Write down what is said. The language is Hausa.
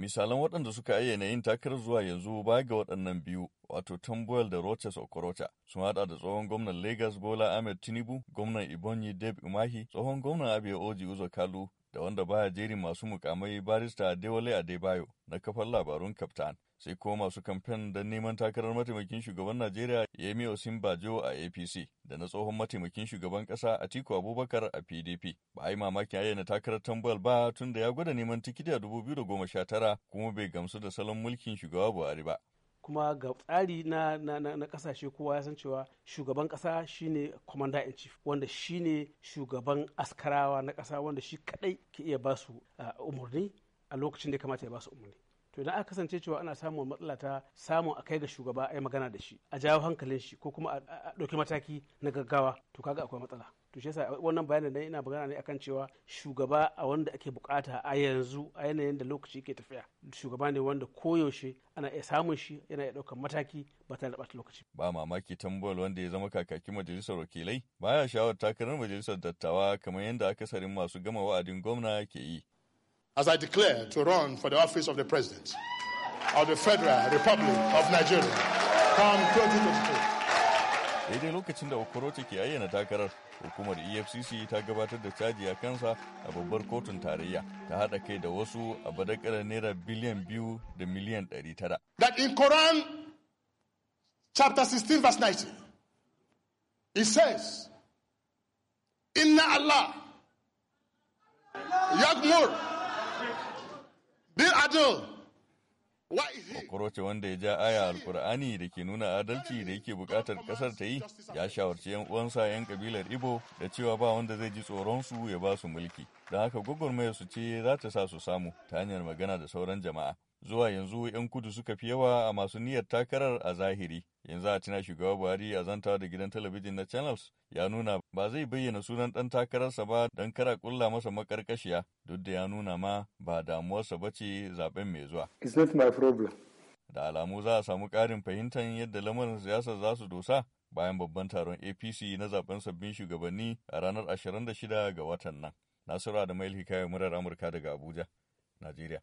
Misalan waɗanda suka ayyana yin takarar zuwa yanzu baya ga waɗannan biyu, wato Tambuwal da Rochas Okorocha, sun haɗa da tsohon gwamnan Legas Bola Ahmed Tinubu, gwamnan Ibonyi Dave Umahi, tsohon gwamnan Abia Oji Uzo Kalu, da wanda baya jerin masu mukamai barista Adewale Adebayo na kafar labarun Kaftan. Sai kuma masu kamfen don neman takarar mataimakin shugaban Najeriya Yemi Osinbajo a APC da na tsohon mataimakin shugaban ƙasa Atiku Abubakar a PDP. Ba a yi mamaki ayyana takarar tambal ba tun da ya gwada neman tikiti a 2019 kuma bai gamsu da salon mulkin shugaba Buhari ba. kuma ga tsari na na, na, kasashe kowa ya san cewa shugaban kasa shine commander in chief wanda shine shugaban askarawa na kasa wanda shi kadai ke iya basu uh, ah, umarni a lokacin da kamata ya basu umarni to idan aka kasance cewa ana samun matsala ta samun a kai ga shugaba a yi magana da shi a jawo hankalin shi ko kuma a ɗauki mataki na gaggawa to kaga akwai matsala to shi yasa wannan bayanin da ina magana ne akan cewa shugaba a wanda ake bukata a yanzu a yanayin da lokaci ke tafiya shugaba ne wanda koyaushe ana iya samun shi yana iya ɗaukar mataki ba tare da ɓata lokaci. ba mamaki tambayar wanda ya zama kakakin majalisar wakilai baya shawar takarar majalisar dattawa kamar yadda akasarin masu gama wa'adin gwamna ke yi as I declare to run for the office of the President of the Federal Republic of Nigeria from 2022. daidai lokacin da okoroce ke ayyana takarar hukumar efcc ta gabatar da caji a kansa a babbar kotun tarayya ta haɗa kai da wasu a badakarar naira biliyan biyu da miliyan ɗari tara. that in quran chapter 16 verse 19, it says inna allah yagmur Be wanda ya ja aya alkur'ani da ke nuna adalci da yake bukatar kasar ta yi ya shawarci 'yan uwansa 'yan kabilar Ibo da cewa ba wanda zai ji tsoron su ya ba su mulki. Don haka gwagwarmayar su ce za ta sa su samu ta hanyar magana da sauran jama'a Zuwa yanzu 'yan kudu suka fi yawa a masu niyyar takarar a zahiri. Yanzu a cina shugaba Buhari a zanta da gidan talabijin na Channels ya nuna ba zai bayyana sunan ɗan takararsa ba don kara kulla masa makarkashiya duk da ya nuna ma ba damuwarsa ba ce zaben mai zuwa. Da alamu za a samu ƙarin fahimtar yadda lamarin siyasa za su dosa bayan babban taron APC na zaben sabbin shugabanni a ranar 26 ga watan nan. nasiru da Mail murar Amurka daga Abuja, Najeriya.